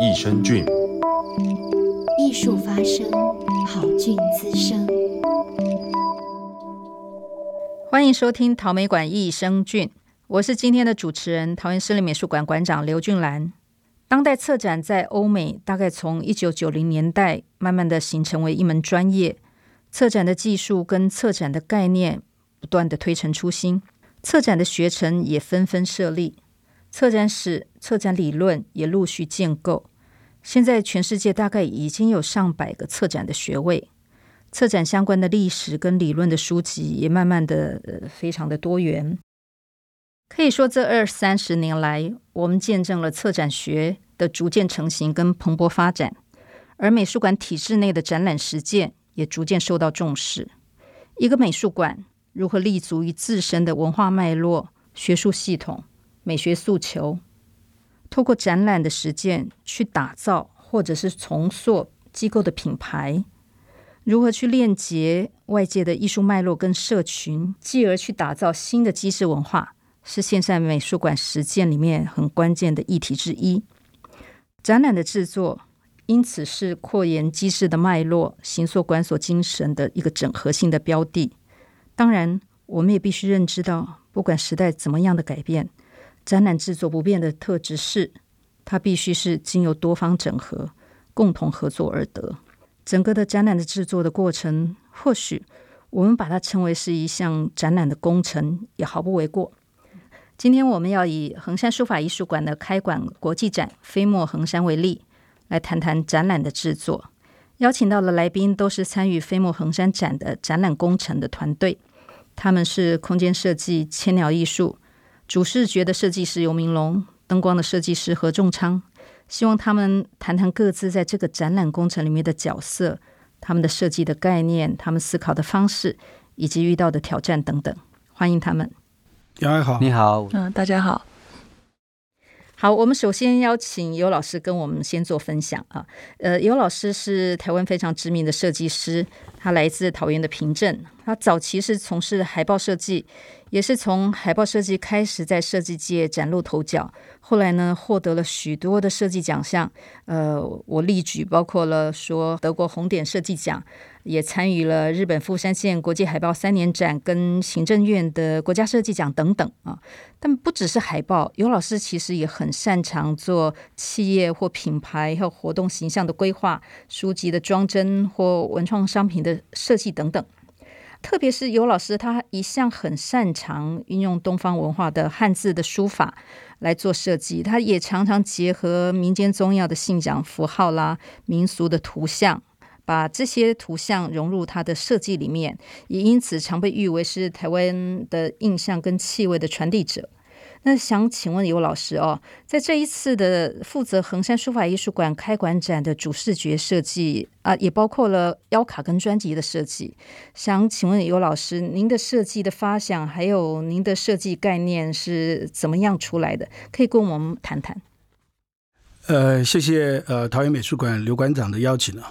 益生菌，藝術發聲，好菌滋生。歡迎收聽桃美館益生菌，我是今天的主持人桃園市立美術館館長劉俊蘭。當代策展在歐美大概從一九九零年代慢慢地形成為一門專業，策展的技術跟策展的概念不斷地推陳出新。策展的學程也紛紛設立，策展史、策展理論也陸續建構。現在全世界大概已經有上百個策展的學位，策展相關的歷史跟理論的書籍也慢慢的非常的多元。可以說，這二三十年來，我們見證了策展學的逐漸成型跟蓬勃發展，而美術館體制內的展覽實踐也逐漸受到重視。一個美術館。如何立足於自身的文化脈絡、學術系統、美學訴求，透過展覽的實踐去打造或者是重塑機構的品牌？如何去鏈接外界的藝術脈絡跟社群，進而去打造新的機制文化，是現在美術館實踐裡面很關鍵的議題之一。展覽的制作，因此是擴延機制的脈絡、形塑館所精神的一個整合性的標的。當然，我們也必須認知到，不管時代怎麼樣的改變，展覽製作不變的特質是，它必須是經由多方整合、共同合作而得。整個的展覽的制作的過程，或許我們把它稱為是一項展覽的工程，也毫不為過。今天，我們要以橫山書法藝術館的開館國際展“飛墨橫山”為例，來談談展覽的制作。邀請到的來賓都是參與飛墨橫山展的展覽工程的團隊，他們是空間設計、千鳥藝術、主視覺的設計師游明龍、燈光的設計師何仲昌。希望他們談談各自在這個展覽工程裡面的角色、他們的設計的概念、他們思考的方式以及遇到的挑戰等等。歡迎他們。楊還好，你好，嗯，大家好。好，我們首先邀請游老師跟我們先做分享啊。呃，游老師是台灣非常知名的設計師，他來自桃園的平鎮。他早期是從事海報設計，也是從海報設計開始在設計界嶄露頭角。後來呢，獲得了許多的設計獎項。呃，我列舉包括了說德國紅點設計獎。也參與了日本富山縣國際海報三年展，跟行政院的國家設計獎等等啊。但不只是海報，游老師其實也很擅長做企業或品牌和活動形象的規劃、書籍的裝幀或文創商品的設計等等。特別是游老師，他一向很擅長運用東方文化的漢字的書法來做設計。他也常常結合民間宗教的信仰符號啦、民俗的圖像。把這些圖像融入他的設計裡面，也因此常被譽為是台灣的印象跟氣味的傳遞者。那想請問游老師哦，在這一次的負責橫山書法藝術館開館展的主視覺設計啊，呃，也包括了邀卡跟專輯的設計。想請問游老師，您的設計的發想還有您的設計概念是怎麼樣出來的？可以跟我們談談。呃，謝謝呃桃園美術館劉館長的邀請呢。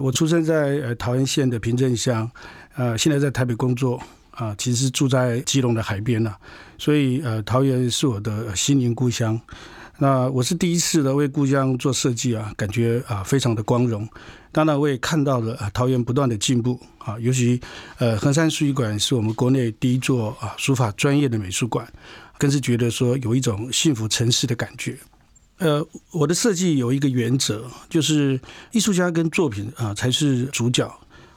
我出生在呃桃園縣的平鎮鄉，呃，現在在台北工作，啊、呃，其實住在基隆的海邊了、啊，所以呃，桃園是我的心靈故鄉。那我是第一次的為故鄉做設計啊，感覺啊非常的光榮。當然，我也看到了桃園不斷的進步啊，尤其呃，橫山書藝館是我們國內第一座啊書法專業的美術館，更是覺得說有一種幸福城市的感覺。呃，我的設計有一個原則，就是藝術家跟作品啊才是主角，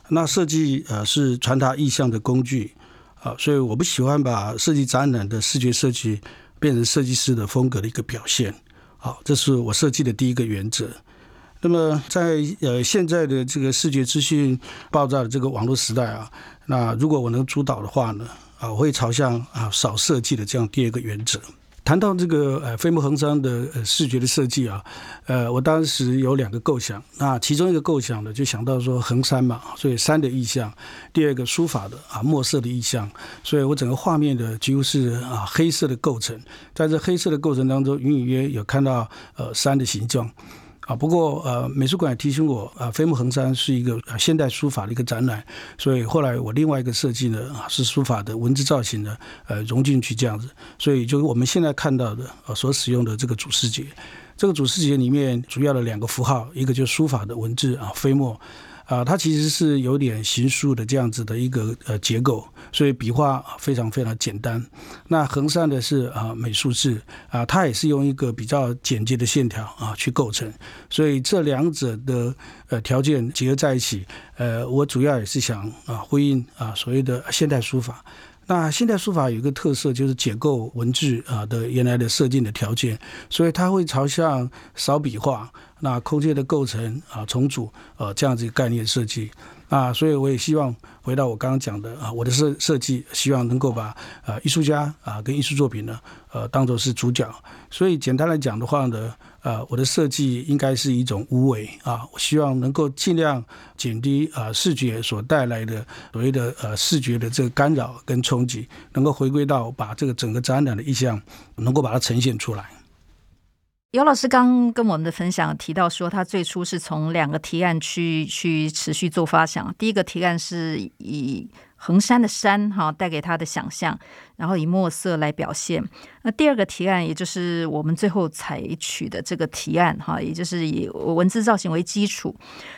那設計呃、啊、是傳達意向的工具啊，所以我不喜歡把設計展覽的視覺設計變成設計師的風格的一個表現，好、啊，這是我設計的第一個原則。那麼在呃現在的這個視覺資訊爆炸的這個網絡時代啊，那如果我能主導的話呢，啊，我會朝向啊少設計的這樣第二個原則。談到這個呃飛墨橫山的視覺的設計啊，呃，我當時有兩個構想，那其中一個構想呢，就想到說橫山嘛，所以山的意象；第二個書法的啊墨色的意象，所以我整個畫面的幾乎是啊黑色的構成，在這黑色的構成當中，隱隱約約有看到呃山的形狀。啊，不過呃，美術館也提醒我，呃，飛墨橫山是一個現代書法的一個展覽，所以後來我另外一個設計呢，啊，是書法的文字造型的，呃，融進去這樣子，所以就是我們現在看到的，呃所使用的，這個主視覺，這個主視覺裡面主要的兩個符號，一個就是書法的文字啊，飛、呃、墨，啊、呃，它其實是有點行書的這樣子的一個呃結構。所以筆畫非常非常簡單，那橫山的是啊美術字啊，它也是用一個比較簡潔的線條啊去構成。所以這兩者的呃條件結合在一起，呃，我主要也是想啊呼應啊所謂的現代書法。那現代書法有一個特色就是解構文字啊的原來的設定的條件，所以它會朝向少筆畫，那空間的構成啊重組啊這樣子概念設計。啊，所以我也希望回到我剛剛講的啊，我的設設計希望能夠把呃、啊、藝術家啊跟藝術作品呢呃、啊、當做是主角。所以簡單來講的話呢，呃、啊，我的設計應該是一種無為啊，我希望能夠盡量減低啊視覺所帶來的所謂的呃、啊、視覺的這個干擾跟衝擊，能夠回歸到把這個整個展覽的意象能夠把它呈現出來。游老師剛跟我們的分享提到說，他最初是從兩個提案去去持續做發想。第一個提案是以橫山的山哈帶給他的想象，然後以墨色來表現。那第二個提案，也就是我們最後採取的這個提案哈，也就是以文字造型為基礎。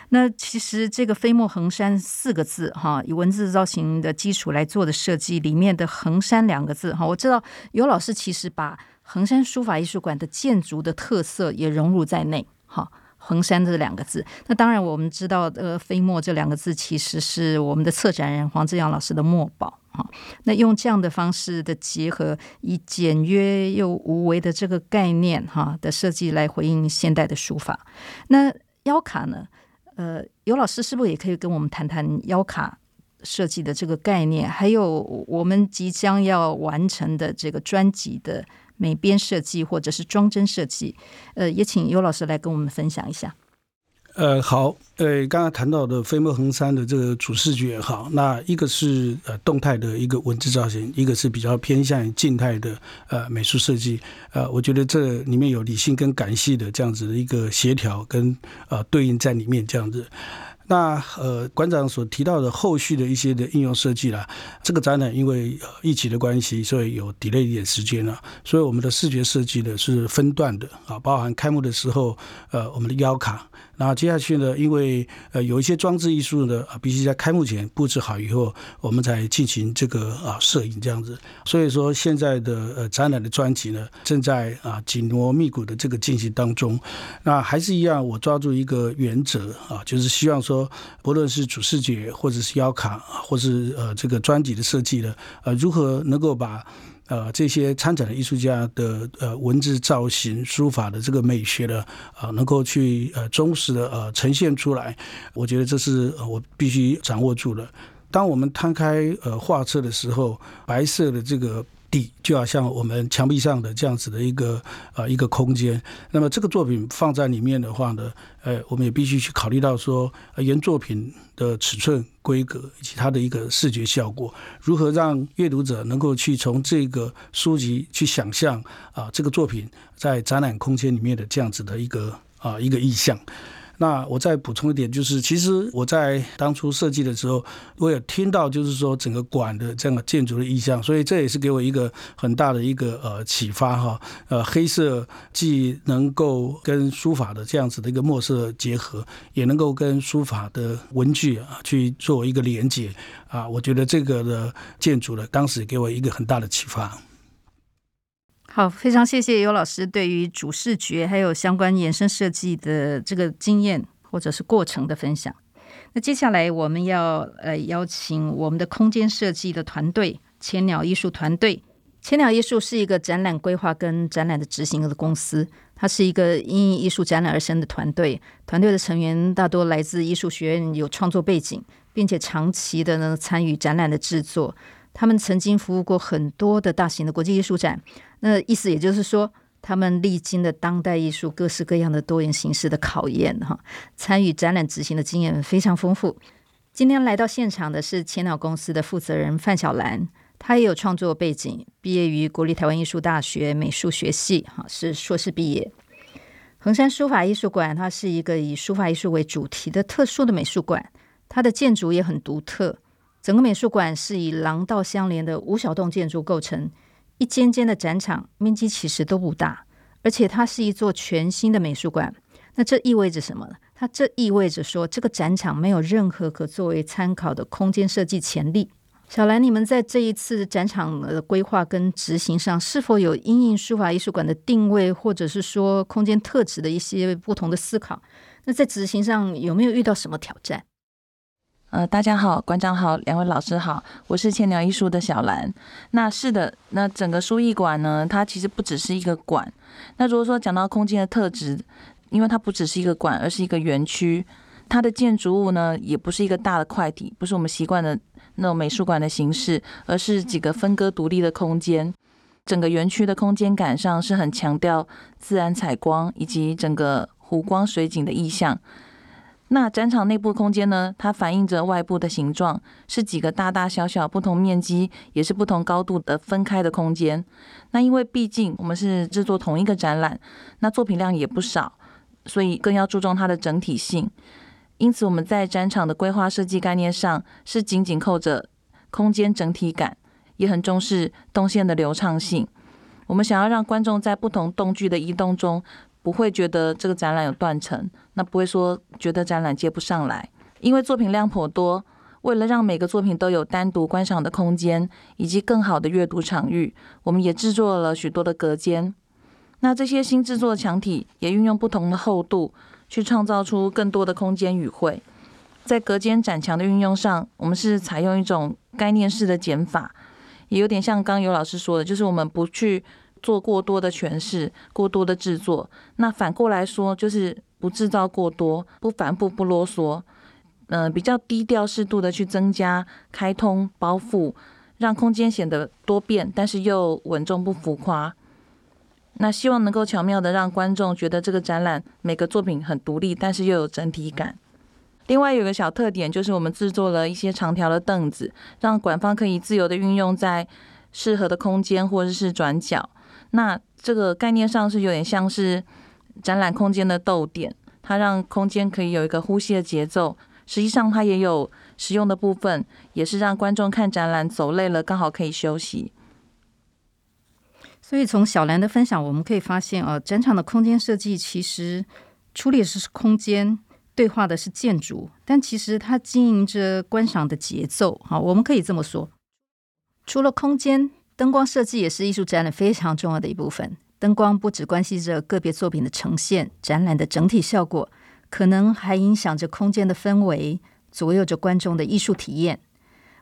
那其實這個“飛墨橫山”四個字哈，以文字造型的基礎來做的設計，裡面的“橫山”兩個字哈，我知道游老師其實把。橫山書法藝術館的建築的特色也融入在內，哈，橫山這兩個字。那當然，我們知道，呃，飛墨這兩個字其實是我們的策展人黃志陽老師的墨寶，哈。那用這樣的方式的結合，以簡約又無為的這個概念，哈的設計來回應現代的書法。那邀卡呢？呃，游老師是不是也可以跟我們談談邀卡設計的這個概念？還有我們即將要完成的這個專輯的。美編設計或者是裝幀設計，呃，也請游老師來跟我們分享一下。呃，好，呃，剛剛談到的《飛墨橫山》的這個主視覺也好，那一個是呃動態的一個文字造型，一個是比較偏向靜態的呃美術設計，呃，我覺得這裡面有理性跟感性的這樣子的一個協調跟呃對應在裡面這樣子。那呃，館長所提到的後續的一些的應用設計啦，這個展覽因為呃疫情的關係，所以有 delay 一點時間了，啊，所以我們的視覺設計呢是分段的啊，包含開幕的時候，呃，我們的邀卡。那接下去呢，因為呃有一些裝置藝術呢，必須在開幕前布置好以後，我們才進行這個啊攝影這樣子。所以說現在的呃展覽的專輯呢，正在啊緊鑼密鼓的這個進行當中。那還是一樣，我抓住一個原則啊，就是希望說，不論是主視覺或者是腰卡啊，或者是呃這個專輯的設計呢，呃如何能夠把。呃，這些參展的藝術家的呃文字造型書法的這個美學的啊、呃，能夠去呃忠實的呃，呃呈現出來，我覺得這是、呃、我必須掌握住的。當我們攤開呃畫冊的時候，白色的這個。就要像我們牆壁上的這樣子的一個啊、呃、一個空間，那麼這個作品放在裡面的話呢，呃、哎，我們也必須去考慮到說原作品的尺寸規格以及它的一個視覺效果，如何讓閱讀者能夠去從這個書籍去想象啊、呃、這個作品在展覽空間裡面的這樣子的一個啊、呃、一個意象。那我再補充一點，就是其實我在當初設計的時候，我有聽到，就是說整個館的這樣的建築的意象，所以這也是給我一個很大的一個呃啟發哈。呃，黑色既能夠跟書法的這樣子的一個墨色結合，也能夠跟書法的文具啊去做一個連接啊。我覺得這個的建築的當時也給我一個很大的啟發。好，非常謝謝游老師對於主視覺還有相關延伸設計的這個經驗或者是過程的分享。那接下來我們要呃邀請我們的空間設計的團隊——千鳥藝術團隊。千鳥藝術是一個展覽規劃跟展覽的執行的公司，它是一個因藝術展覽而生的團隊。團隊的成員大多來自藝術學院，有創作背景，並且長期的呢參與展覽的製作。他們曾經服務過很多的大型的國際藝術展。那意思也就是說，他們歷經了當代藝術各式各樣的多元形式的考驗，哈，參與展覽執行的經驗非常豐富。今天來到現場的是千鳥公司的負責人范曉嵐，她也有創作背景，畢業於國立臺灣藝術大學美術學系，哈，是碩士畢業。橫山書法藝術館，它是一個以書法藝術為主題的特殊的美術館，它的建築也很獨特，整個美術館是以廊道相連的五小棟建築構成。一間間的展場面積其實都不大，而且它是一座全新的美術館。那這意味着什麼呢？它這意味着說，這個展場沒有任何可作為參考的空間設計潛力。曉嵐，你們在這一次展場的規劃跟執行上，是否有因應書法藝術館的定位，或者是說空間特質的一些不同的思考？那在執行上有沒有遇到什麼挑戰？呃，大家好，館長好，兩位老師好，我是千鳥藝術的小嵐。那是的，那整個書藝館呢，它其實不只是一個館。那如果說講到空間的特質，因為它不只是一個館，而是一個園區。它的建築物呢，也不是一個大的塊體，不是我們習慣的那種美術館的形式，而是幾個分割獨立的空間。整個園區的空間感上是很強調自然採光以及整個湖光水景的意象。那展場內部空間呢，它反映着外部的形狀，是幾個大大小小、不同面積、也是不同高度的分開的空間。那因為畢竟我們是制作同一個展覽，那作品量也不少，所以更要注重它的整體性。因此，我們在展場的規劃設計概念上是緊緊扣着空間整體感，也很重視動線的流暢性。我們想要讓觀眾在不同動距的移動中，不會覺得這個展覽有斷層，那不會說覺得展覽接不上來，因為作品量頗多。為了讓每個作品都有單獨觀賞的空間，以及更好的閱讀場域，我們也製作了許多的隔間。那這些新製作的牆體也運用不同的厚度，去創造出更多的空間語彙。在隔間展牆的運用上，我們是採用一種概念式的減法，也有點像剛游老師說的，就是我們不去。做過多的詮釋，過多的製作，那反過來說就是不制造過多，不反覆，不囉嗦，嗯、呃，比較低調適度的去增加、開通、包覆，讓空間顯得多變，但是又穩重不浮誇。那希望能夠巧妙的讓觀眾覺得這個展覽每個作品很獨立，但是又有整體感。另外有一個小特點就是我們製作了一些長條的凳子，讓館方可以自由的運用在適合的空間或者是轉角。那這個概念上是有點像是展覽空間的逗點，它讓空間可以有一個呼吸的節奏。實際上，它也有實用的部分，也是讓觀眾看展覽走累了，剛好可以休息。所以從小嵐的分享，我們可以發現啊，整、呃、場的空間設計其實處理的是空間，對話的是建築，但其實它經營着觀賞的節奏。好，我們可以這麼說，除了空間。燈光設計也是藝術展覽非常重要的一部分。燈光不只關係着個別作品的呈現，展覽的整體效果可能還影響着空間的氛圍，左右着觀眾的藝術體驗。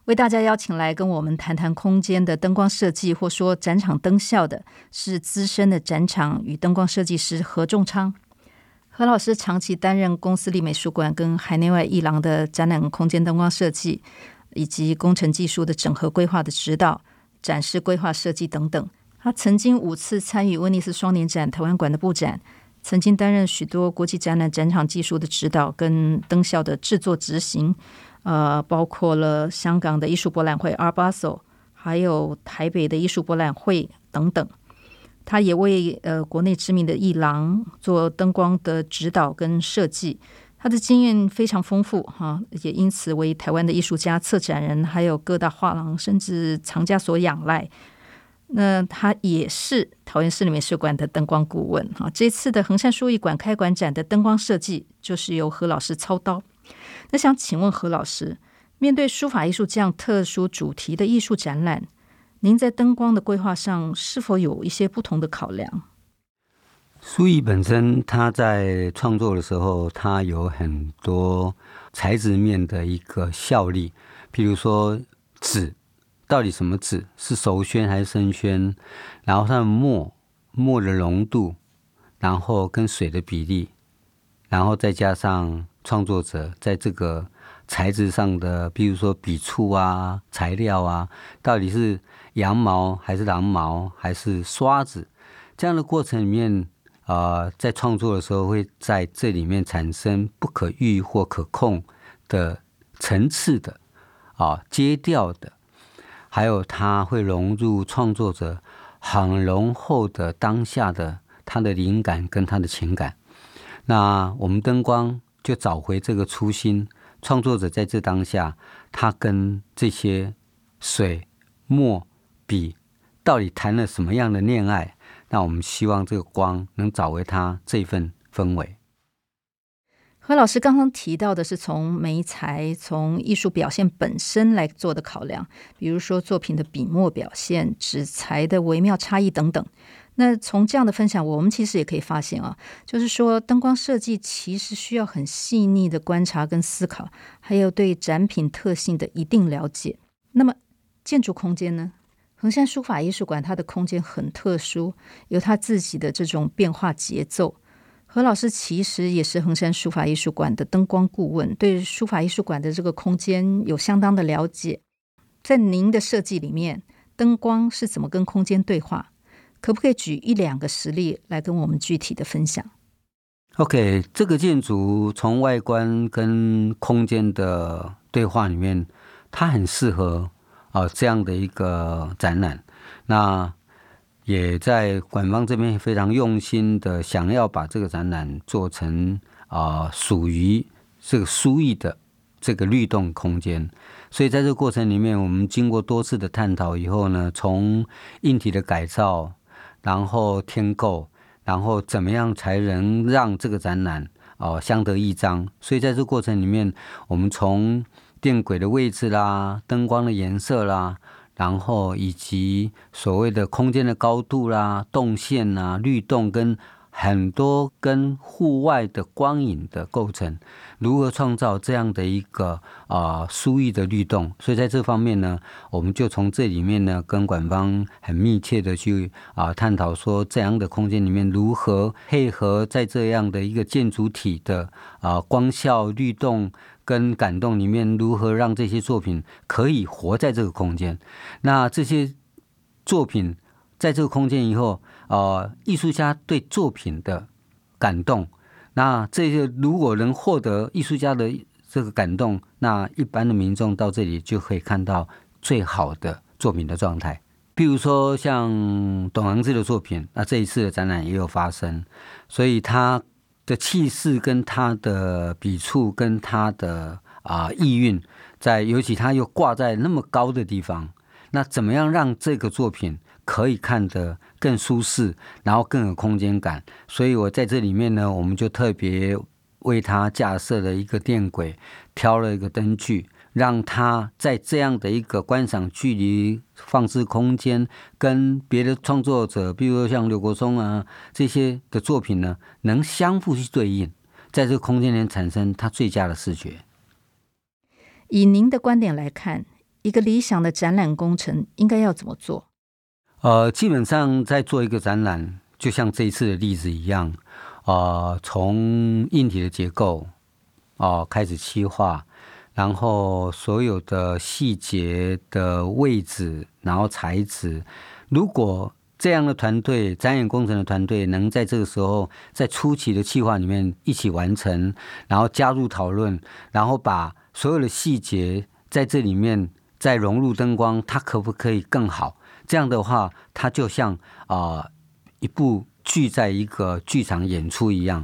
為大家邀請來跟我們談談空間的燈光設計，或說展場燈效的是資深的展場與燈光設計師何仲昌。何老師長期擔任公私立美術館跟海內外藝廊的展覽空間燈光設計，以及工程技術的整合規劃的指導。展示、規劃設計等等。他曾經五次參與威尼斯雙年展台灣館的布展，曾經擔任許多國際展覽展場技術的指導跟燈效的製作執行。呃，包括了香港的藝術博覽會 Art Basel 還有台北的藝術博覽會等等。他也為呃國內知名的藝廊做燈光的指導跟設計。他的經驗非常豐富，哈，也因此為台灣的藝術家、策展人，還有各大畫廊甚至藏家所仰賴。那他也是桃園市立美術館的燈光顧問，哈。這次的橫山書藝館開館展的燈光設計就是由何老師操刀。那想請問何老師，面對書法藝術這樣特殊主題的藝術展覽，您在燈光的規劃上是否有一些不同的考量？書藝本身，它在創作的時候，它有很多材質面的一個效力，比如說紙，到底什麼紙，是熟宣還是生宣？然後它的墨，墨的濃度，然後跟水的比例，然後再加上創作者在這個材質上的，比如說筆觸啊、材料啊，到底是羊毛還是狼毛還是刷子，這樣的過程裡面。啊、呃，在創作的時候會在這裡面產生不可預或可控的層次的啊，呃、階調的，還有它會融入創作者很濃厚的當下的他的靈感跟他的情感。那我們燈光就找回這個初心，創作者在這當下，他跟這些水墨筆到底談了什麼樣的戀愛？那我們希望這個光能找回它這份氛圍。何老師剛剛提到的是從媒材、從藝術表現本身來做的考量，比如說作品的筆墨表現、紙材的微妙差異等等。那從這樣的分享，我們其實也可以發現啊，就是說燈光設計其實需要很細膩的觀察跟思考，還有對展品特性的一定了解。那麼建築空間呢？橫山書法藝術館，它的空間很特殊，有它自己的這種變化節奏。何老師其實也是橫山書法藝術館的燈光顧問，對書法藝術館的這個空間有相當的了解。在您的設計裡面，燈光是怎麼跟空間對話？可不可以舉一兩個實例來跟我們具體的分享？OK，這個建築從外觀跟空間的對話裡面，它很適合。哦，這樣的一個展覽，那也在館方這邊非常用心的想要把這個展覽做成啊、呃，屬於這個書藝的這個律動空間。所以在這個過程裡面，我們經過多次的探討以後呢，從硬體的改造，然後添購，然後怎麼樣才能讓這個展覽哦、呃、相得益彰。所以在這個過程裡面，我們從。電軌的位置啦，燈光的顏色啦，然後以及所謂的空間的高度啦、動線啊、律動跟很多跟戶外的光影的構成，如何創造這樣的一個啊疏逸的律動？所以在這方面呢，我們就從這裡面呢跟館方很密切的去啊、呃、探討說，這樣的空間裡面如何配合在這樣的一個建築體的啊、呃、光效律動。跟感動裡面，如何讓這些作品可以活在這個空間？那這些作品在這個空間以後，呃，藝術家對作品的感動，那這些如果能獲得藝術家的這個感動，那一般的民眾到這裡就可以看到最好的作品的狀態。比如說像董恆志的作品，那這一次的展覽也有發生，所以他的氣勢跟他的筆觸跟他的啊、呃、意蘊在，尤其他又掛在那麼高的地方，那怎麼樣讓這個作品可以看得更舒適，然後更有空間感？所以我在這裡面呢，我們就特別為他架設了一個電軌，挑了一個燈具。讓他在這樣的一個觀賞距離、放置空間，跟別的創作者，比如說像劉國松啊這些的作品呢，能相互去對應，在這個空間裡產生他最佳的視覺。以您的觀點來看，一個理想的展覽工程應該要怎麼做？呃，基本上在做一個展覽，就像這一次的例子一樣，啊、呃，從硬體的結構哦、呃，開始細化。然後所有的細節的位置，然後材質，如果這樣的團隊，展演工程的團隊能在這個時候，在初期的計劃裡面一起完成，然後加入討論，然後把所有的細節在這裡面再融入燈光，它可不可以更好？這樣的話，它就像啊、呃、一部劇在一個劇場演出一樣，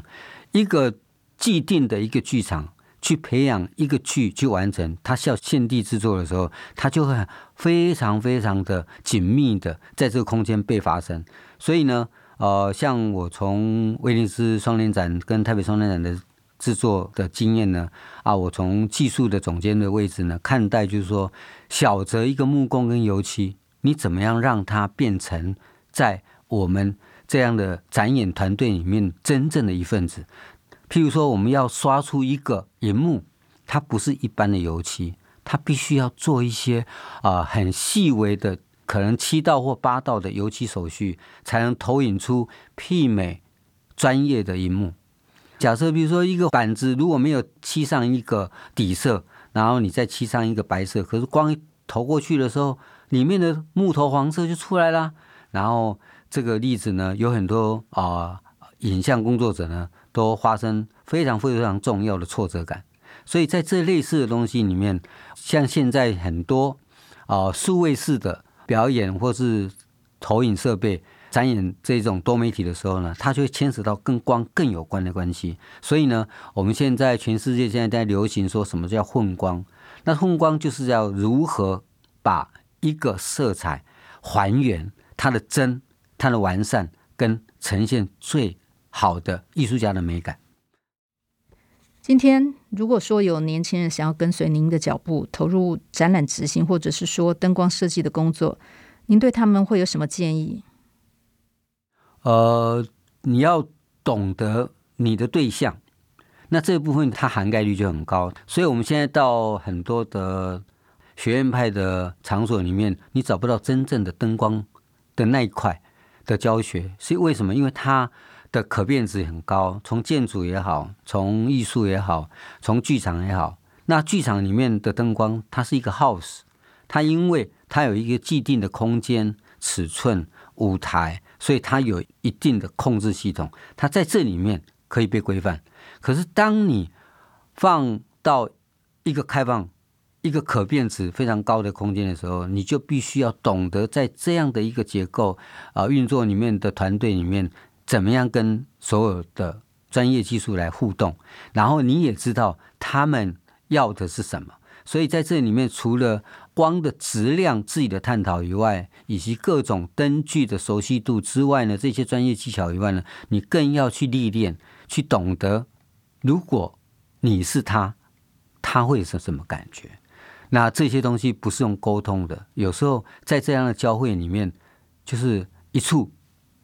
一個既定的一個劇場。去培養一個劇去完成，他需要現地製作的時候，他就會非常非常的緊密的在這個空間被發生。所以呢，呃，像我從威尼斯雙年展跟台北雙年展的製作的經驗呢，啊，我從技術的總監的位置呢看待，就是說，小則一個木工跟油漆，你怎麼樣讓它變成在我們這樣的展演團隊裡面真正的一份子？譬如說，我們要刷出一個銀幕，它不是一般的油漆，它必須要做一些啊、呃、很細微的，可能七道或八道的油漆手續，才能投影出媲美專業的熒幕。假設，比如說一個板子如果沒有漆上一個底色，然後你再漆上一個白色，可是光投過去的時候，裡面的木頭黃色就出來了。然後這個例子呢，有很多啊、呃、影像工作者呢。都發生非常非常重要的挫折感，所以在這類似的東西裡面，像現在很多啊、呃、數位式的表演或是投影設備展演，這種多媒體的時候呢，它就會牽扯到跟光更有關的關係。所以呢，我們現在全世界現在在流行說什麼叫混光？那混光就是要如何把一個色彩還原它的真、它的完善跟呈現最。好的，藝術家的美感。今天，如果說有年輕人想要跟隨您的腳步投入展覽執行，或者是說燈光設計的工作，您對他們會有什麼建議？呃，你要懂得你的對象，那這部分它涵蓋率就很高。所以我們現在到很多的學院派的場所裡面，你找不到真正的燈光的那一塊的教學，所以為什麼？因為它。的可變值很高，從建築也好，從藝術也好，從劇場也好，那劇場裡面的燈光，它是一個 house，它因為它有一個既定的空間尺寸舞台，所以它有一定的控制系統，它在這裡面可以被規範。可是當你放到一個開放、一個可變值非常高的空間的時候，你就必須要懂得在這樣的一個結構啊、呃、運作裡面的團隊裡面。怎麼樣跟所有的專業技術來互動？然後你也知道他們要的是什麼。所以在這裡面，除了光的質量自己的探討以外，以及各種燈具的熟悉度之外呢，這些專業技巧以外呢，你更要去歷練，去懂得，如果你是他，他會是什麼感覺？那這些東西不是用溝通的。有時候在這樣的交會裡面，就是一處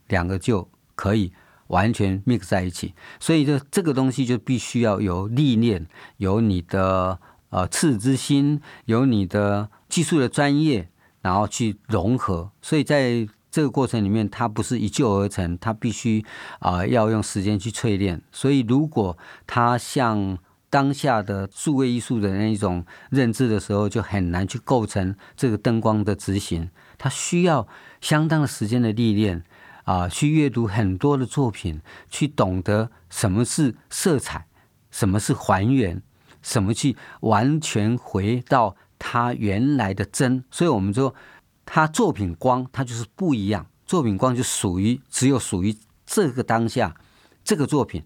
兩個就。可以完全 mix 在一起，所以就這個東西就必須要有歷練，有你的呃赤子之心，有你的技術的專業，然後去融合。所以在這個過程裡面，它不是一蹴而成，它必須啊、呃、要用時間去淬煉。所以如果它像當下的數位藝術的那一種認知的時候，就很難去構成這個燈光的執行。它需要相當的時間的歷練。啊、呃，去閱讀很多的作品，去懂得什麼是色彩，什麼是還原，什麼去完全回到它原來的真。所以，我們說它作品光，它就是不一樣。作品光就屬於只有屬於這個當下，這個作品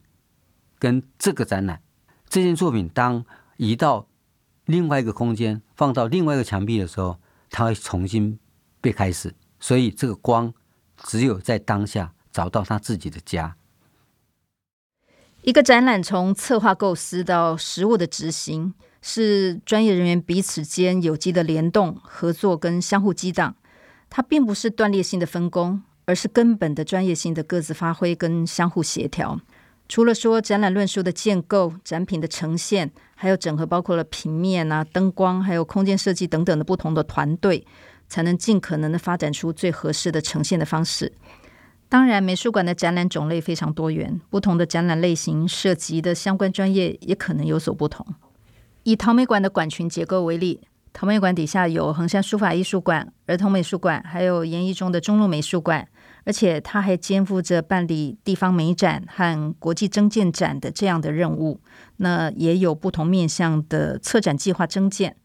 跟這個展覽這件作品當移到另外一個空間，放到另外一個牆壁的時候，它會重新被開始。所以，這個光。只有在當下找到他自己的家。一個展覽從策劃構思到實物的執行，是專業人員彼此間有機的聯動、合作跟相互激盪。它並不是斷裂性的分工，而是根本的專業性的各自發揮跟相互協調。除了說展覽論述的建構、展品的呈現，還有整合，包括了平面啊、燈光，還有空間設計等等的不同的團隊，才能盡可能的發展出最合適的呈現的方式。當然，美術館的展覽種類非常多元，不同的展覽類型涉及的相關專業也可能有所不同。以桃美館的館群結構為例，桃美館底下有橫山書法藝術館、兒童美術館，還有研一中的中路美術館，而且它還肩負着辦理地方美展和國際徵件展的這樣的任務。那也有不同面向的策展計劃徵件。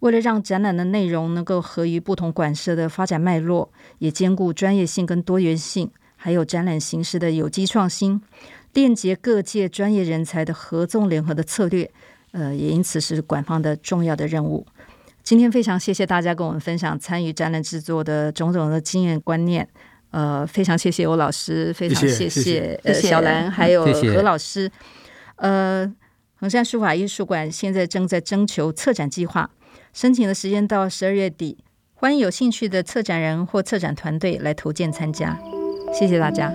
為了讓展覽的內容能夠合於不同館舍的發展脈絡，也兼顧專業性跟多元性，還有展覽形式的有機創新，鏈接各界專業人才的合縱聯合的策略，呃，也因此是館方的重要的任務。今天非常謝謝大家跟我們分享參與展覽制作的種種的經驗觀念，呃，非常謝謝游老師，非常謝謝，謝，謝，謝，謝、呃、曉嵐還有何老師、嗯謝謝，呃，橫山書法藝術館現在正在徵求策展計劃。申請的時間到十二月底，歡迎有興趣的策展人或策展團隊來投件參加。謝謝大家。